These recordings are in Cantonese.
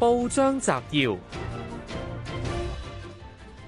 報章摘要：《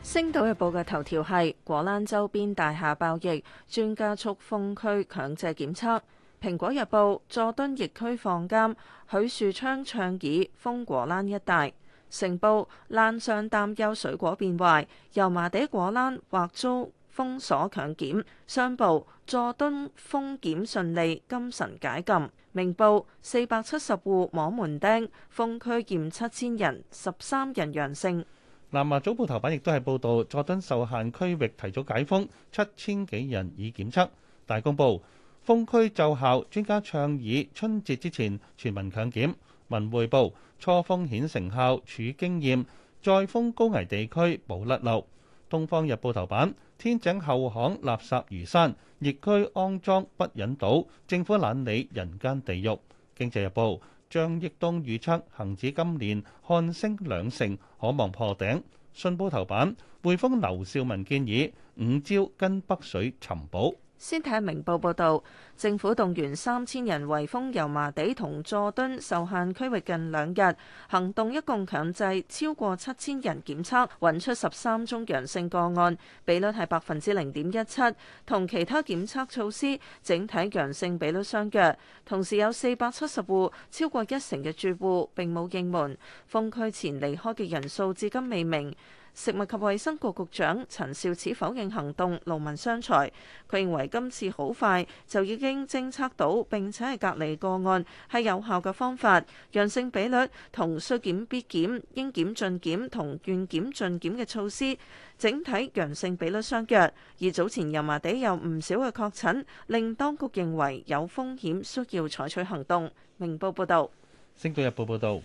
星島日報條》嘅頭條係果欄周邊大廈爆疫，專家促封區強制檢測；《蘋果日報》佐敦疫區放監，許樹昌倡議封果欄一帶。成報欄上擔憂水果變壞，油麻地果欄或租。封鎖強檢，商報佐敦封檢順利，今晨解禁。明報四百七十戶網門釘封區，驗七千人，十三人陽性。南華早報頭版亦都係報道佐敦受限區域提早解封，七千幾人已檢測。大公報封區奏效，專家倡議春節之前全民強檢。文匯報初風險成效，處經驗再封高危地區，冇甩漏。《東方日報》頭版：天井後巷垃圾如山，疫區骯髒不忍睹，政府懶理人間地獄。《經濟日報》張益東預測恆指今年看升兩成，可望破頂。《信報》頭版：匯豐劉少文建議五招跟北水尋寶。先睇明報報導，政府動員三千人圍封油麻地同佐敦受限區域近兩日行動，一共強制超過七千人檢測，揾出十三宗陽性個案，比率係百分之零點一七，同其他檢測措施整體陽性比率相若。同時有四百七十戶超過一成嘅住戶並冇應門，封區前離開嘅人數至今未明。食物及衛生局局長陳肇始否認行動勞民傷財，佢認為今次好快就已經偵測到並且係隔離個案，係有效嘅方法。陽性比率同需檢必檢、應檢盡檢同願檢盡檢嘅措施，整體陽性比率相若。而早前油麻地有唔少嘅確診，令當局認為有風險，需要採取行動。明報報導。星島日報報導。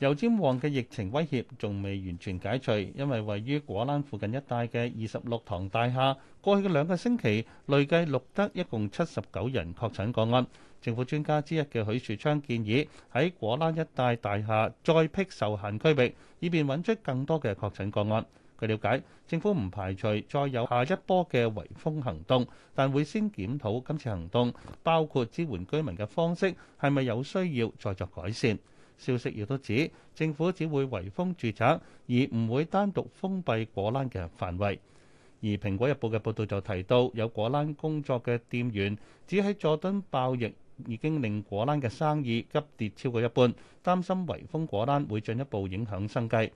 油尖旺嘅疫情威脅仲未完全解除，因為位於果欄附近一帶嘅二十六堂大廈過去嘅兩個星期累計錄得一共七十九人確診個案。政府專家之一嘅許樹昌建議，喺果欄一帶大廈再辟受限區域，以便揾出更多嘅確診個案。據了解，政府唔排除再有下一波嘅圍封行動，但會先檢討今次行動，包括支援居民嘅方式，係咪有需要再作改善。消息亦都指，政府只會圍封住宅，而唔會單獨封閉果欄嘅範圍。而《蘋果日報》嘅報道就提到，有果欄工作嘅店員只喺佐敦爆疫已經令果欄嘅生意急跌超過一半，擔心圍封果欄會進一步影響生計。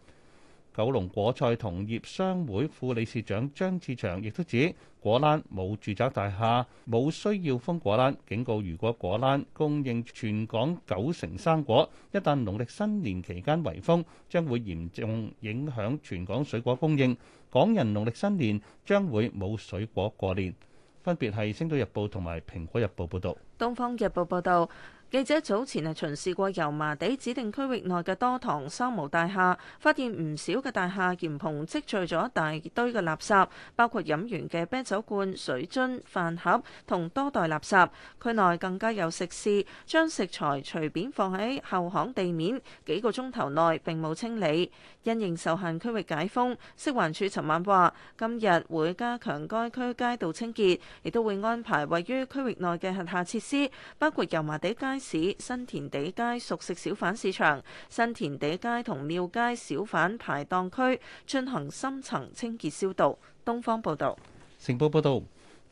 九龍果菜同業商會副理事長張志祥亦都指，果欄冇住宅大廈，冇需要封果欄，警告如果果欄供應全港九成生果，一旦農曆新年期間圍封，將會嚴重影響全港水果供應，港人農曆新年將會冇水果過年。分別係《星島日報》同埋《蘋果日報》報道，《東方日報》報道。記者早前係巡視過油麻地指定區域內嘅多幢三無大廈，發現唔少嘅大廈檐篷積聚咗一大堆嘅垃圾，包括飲完嘅啤酒罐、水樽、飯盒同多袋垃圾。區內更加有食肆將食材隨便放喺後巷地面，幾個鐘頭內並冇清理。因應受限區域解封，食環署尋晚話，今日會加強該區街道清潔，亦都會安排位於區域內嘅轄下設施，包括油麻地街市新田地街熟食小販市場、新田地街同廟街小販排檔區進行深層清潔消毒。東方報道、成報報道，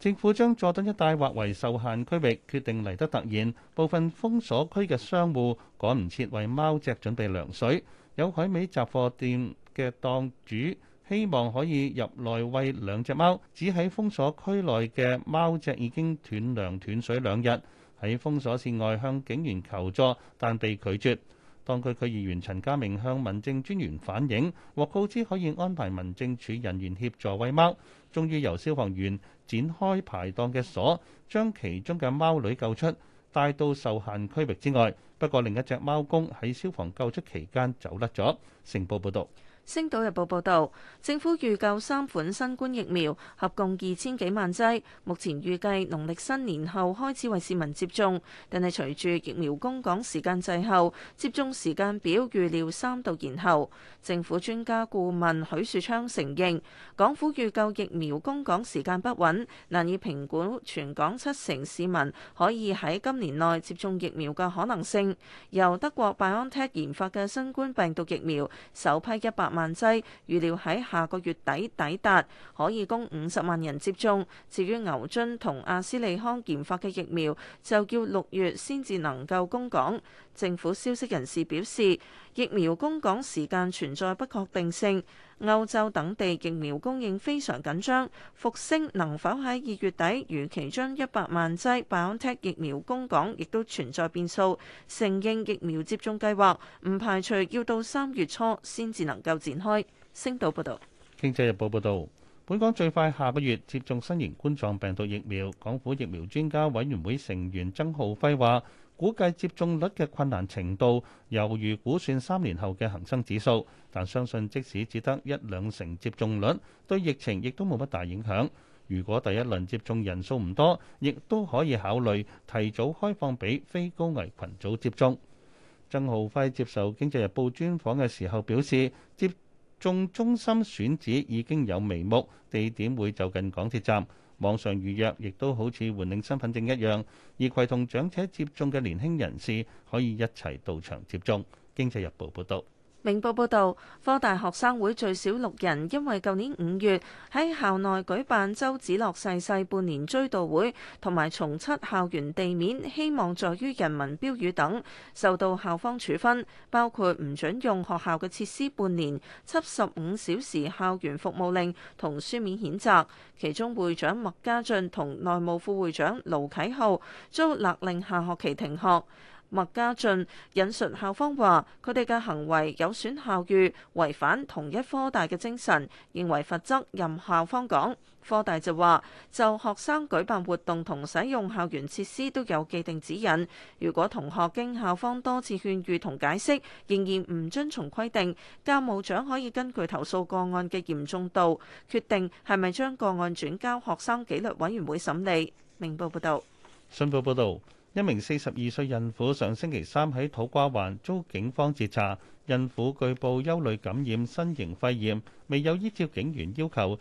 政府將佐敦一帶劃為受限區域，決定嚟得突然，部分封鎖區嘅商戶趕唔切為貓隻準備糧水。有海味雜貨店嘅檔主希望可以入內餵兩隻貓，只喺封鎖區內嘅貓隻已經斷糧斷水兩日。喺封鎖線外向警員求助，但被拒絕。當區議員陳家明向民政專員反映，獲告知可以安排民政處人員協助餵貓，終於由消防員展開排檔嘅鎖，將其中嘅貓女救出，帶到受限區域之外。不過另一隻貓公喺消防救出期間走甩咗。成報報道。《星島日報》報道，政府預購三款新冠疫苗，合共二千幾萬劑。目前預計農曆新年後開始為市民接種，但係隨住疫苗供港時間滯後，接種時間表預料三度延後。政府專家顧問許樹昌承認，港府預購疫苗供港時間不穩，難以評估全港七成市民可以喺今年內接種疫苗嘅可能性。由德國 BioNTech 研發嘅新冠病毒疫苗，首批一百萬。萬劑，預料喺下個月底抵達，可以供五十萬人接種。至於牛津同阿斯利康研發嘅疫苗，就要六月先至能夠供港。政府消息人士表示，疫苗供港時間存在不確定性。歐洲等地疫苗供應非常緊張，復星能否喺二月底如期將一百萬劑百安踢疫苗供港，亦都存在變數。承認疫苗接種計劃，唔排除要到三月初先至能夠接展開，星島報道。經濟日報報道，本港最快下個月接種新型冠狀病毒疫苗。港府疫苗專家委員會成員曾浩輝話，估計接種率嘅困難程度，猶如估算三年後嘅恒生指數。但相信即使只得一兩成接種率，對疫情亦都冇乜大影響。如果第一輪接種人數唔多，亦都可以考慮提早開放俾非高危群組接種。曾浩輝接受經濟日報專訪嘅時候表示，接眾中心選址已經有眉目，地點會就近港鐵站，網上預約亦都好似換領身份證一樣，而攜同長者接種嘅年輕人士可以一齊到場接種。經濟日報報導。明報報導，科大學生會最少六人，因為舊年五月喺校內舉辦周梓樂逝世半年追悼會，同埋重漆校園地面，希望在於人民標語等，受到校方處分，包括唔准用學校嘅設施半年、七十五小時校園服務令同書面譴責。其中會長麥家俊同內務副會長盧啟浩遭勒令下學期停學。麥家俊引述校方話：佢哋嘅行為有損校譽，違反同一科大嘅精神，認為罰則任校方講。科大就話就學生舉辦活動同使用校園設施都有既定指引，如果同學經校方多次勸喻同解釋仍然唔遵從規定，教務長可以根據投訴個案嘅嚴重度，決定係咪將個案轉交學生紀律委員會審理。明報報道，新報報道。一名四十二歲孕婦上星期三喺土瓜灣遭警方截查，孕婦據報憂慮感染新型肺炎，未有依照警員要求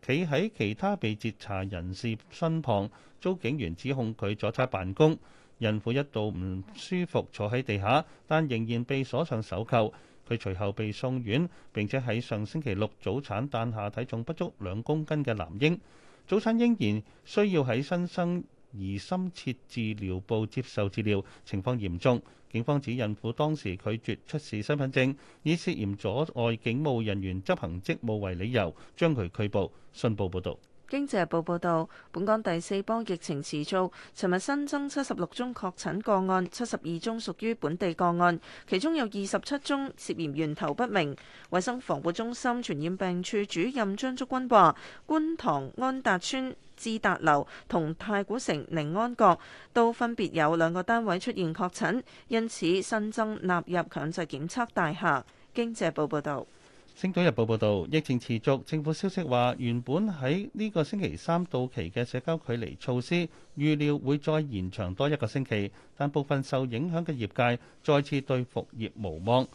企喺其他被截查人士身旁，遭警員指控佢阻差辦公。孕婦一度唔舒服坐喺地下，但仍然被鎖上手扣。佢隨後被送院，並且喺上星期六早產誕下體重不足兩公斤嘅男嬰。早產嬰兒需要喺新生疑深切治療部接受治療，情況嚴重。警方指孕婦當時拒絕出示身份證，以涉嫌阻礙警務人員執行職務為理由，將佢拘捕。信報報導，《經濟日報》報道：本港第四波疫情持續，尋日新增七十六宗確診個案，七十二宗屬於本地個案，其中有二十七宗涉嫌源頭不明。衛生防護中心傳染病處主任張竹君話：觀塘安達邨置達樓同太古城寧安閣都分別有兩個單位出現確診，因此新增納入強制檢測大廈。經濟報報導，《星島日報》報導，疫情持續，政府消息話，原本喺呢個星期三到期嘅社交距離措施預料會再延長多一個星期，但部分受影響嘅業界再次對復業無望。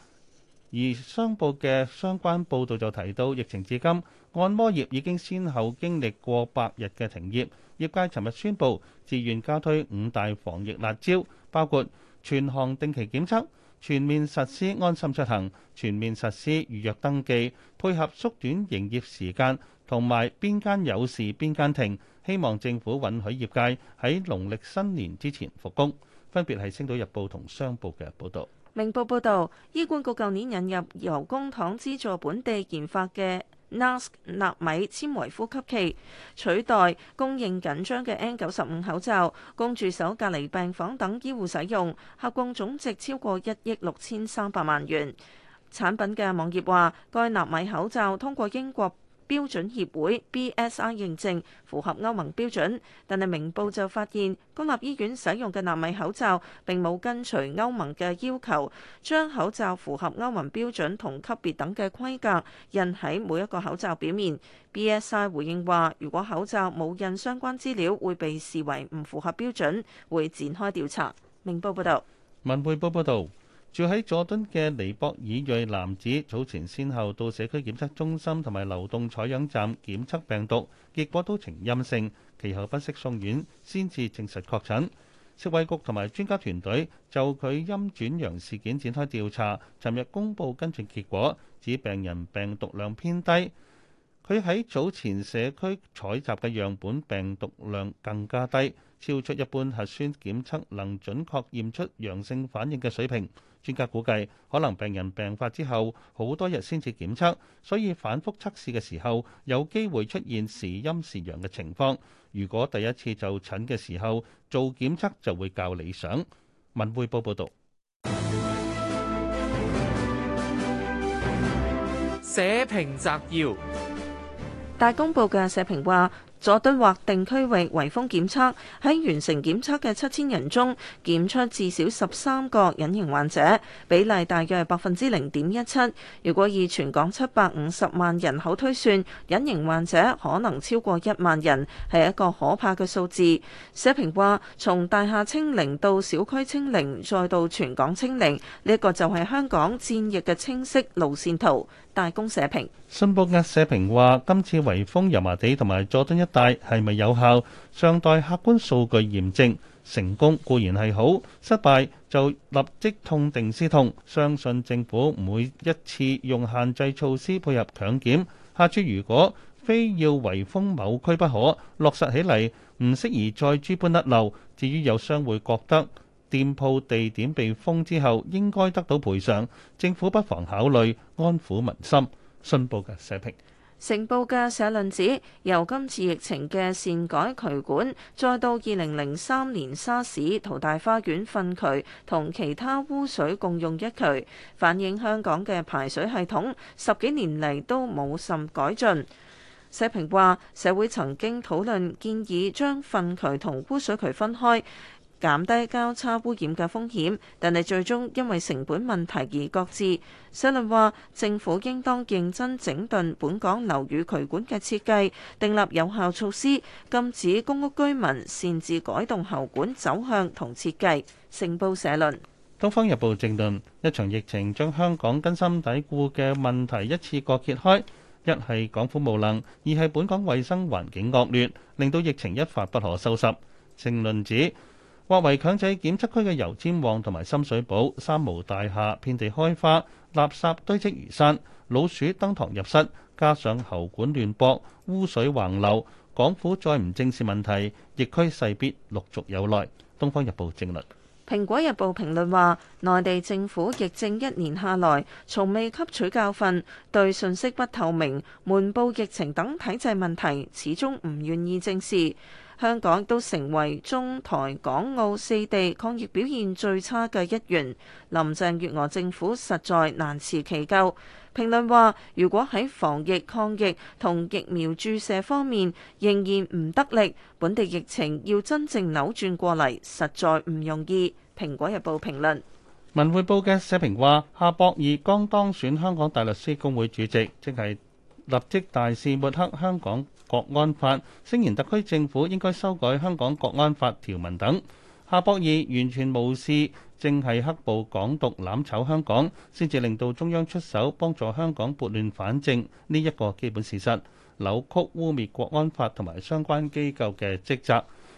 而商報嘅相關報導就提到，疫情至今按摩業已經先後經歷過百日嘅停業。業界尋日宣布，自願加推五大防疫辣招，包括全項定期檢測、全面實施安心出行、全面實施預約登記、配合縮短營業時間，同埋邊間有事邊間停。希望政府允許業界喺農曆新年之前復工。分別係《星島日報》同《商報》嘅報導。明報報導，醫管局舊年引入由公帑資助本地研發嘅 NASK 納米纖維呼吸器，取代供應緊張嘅 N 九十五口罩，供駐守隔離病房等醫護使用，合共總值超過一億六千三百萬元。產品嘅網頁話，該納米口罩通過英國。標準協會 BSI 認證，符合歐盟標準，但係明報就發現公立醫院使用嘅納米口罩並冇跟隨歐盟嘅要求，將口罩符合歐盟標準同級別等嘅規格印喺每一個口罩表面。BSI 回應話，如果口罩冇印相關資料，會被視為唔符合標準，會展開調查。明報報道。文匯報報道。住喺佐敦嘅尼泊爾裔男子早前先後到社區檢測中心同埋流動採樣站檢測病毒，結果都呈陰性，其後不適，送院，先至證實確診，食衛局同埋專家團隊就佢陰轉陽事件展開調查，尋日公布跟進結果，指病人病毒量偏低，佢喺早前社區採集嘅樣本病毒量更加低，超出一般核酸檢測能準確驗出陽性反應嘅水平。專家估計，可能病人病發之後好多日先至檢測，所以反覆測試嘅時候有機會出現時陰時陽嘅情況。如果第一次就診嘅時候做檢測就會較理想。文匯報報導。社評摘要：大公報嘅社評話。佐敦劃定區域圍封檢測，喺完成檢測嘅七千人中，檢出至少十三個隱形患者，比例大約百分之零點一七。如果以全港七百五十萬人口推算，隱形患者可能超過一萬人，係一個可怕嘅數字。社評話：從大廈清零到小區清零，再到全港清零，呢、這、一個就係香港戰疫嘅清晰路線圖。大公社評，新報嘅社評話：今次圍封油麻地同埋佐敦一。但係咪有效？尚待客觀數據驗證。成功固然係好，失敗就立即痛定思痛。相信政府每一次用限制措施配合強檢。下次如果非要圍封某區不可，落實起嚟唔適宜再諸般甩漏。至於有商會覺得店鋪地點被封之後應該得到賠償，政府不妨考慮安撫民心。信報嘅社評。成報嘅社論指，由今次疫情嘅擅改渠管，再到二零零三年沙士淘大花園糞渠同其他污水共用一渠，反映香港嘅排水系統十幾年嚟都冇甚改進。社評話，社會曾經討論建議將糞渠同污水渠分開。減低交叉污染嘅風險，但係最終因為成本問題而擱置。社論話，政府應當認真整頓本港樓宇渠管嘅設計，訂立有效措施，禁止公屋居民擅自改動喉管走向同設計。成報社論，《東方日報》正論：一場疫情將香港根深蒂固嘅問題一次過揭開，一係港府無能，二係本港衛生環境惡劣，令到疫情一發不可收拾。正論指。劃為強制檢測區嘅油尖旺同埋深水埗，三無大廈遍地開花，垃圾堆積如山，老鼠登堂入室，加上喉管亂駁、污水橫流，港府再唔正視問題，疫區勢必陸續有來。《東方日報正論》評論，《蘋果日報評論》評論話，內地政府疫症一年下來，從未吸取教訓，對信息不透明、瞞報疫情等體制問題，始終唔願意正視。香港都成為中台港澳四地抗疫表現最差嘅一員，林鄭月娥政府實在難辭其咎。評論話：如果喺防疫抗疫同疫苗注射方面仍然唔得力，本地疫情要真正扭轉過嚟，實在唔容易。《蘋果日報評論》評論，《文匯報》嘅社評話：夏博義剛當選香港大律師公會主席，即係立即大肆抹黑香港。《國安法》聲言特區政府應該修改香港《國安法》條文等，夏博義完全無視正係黑暴港獨攬炒香港，先至令到中央出手幫助香港撥亂反正呢一個基本事實，扭曲污蔑《國安法》同埋相關機構嘅職責。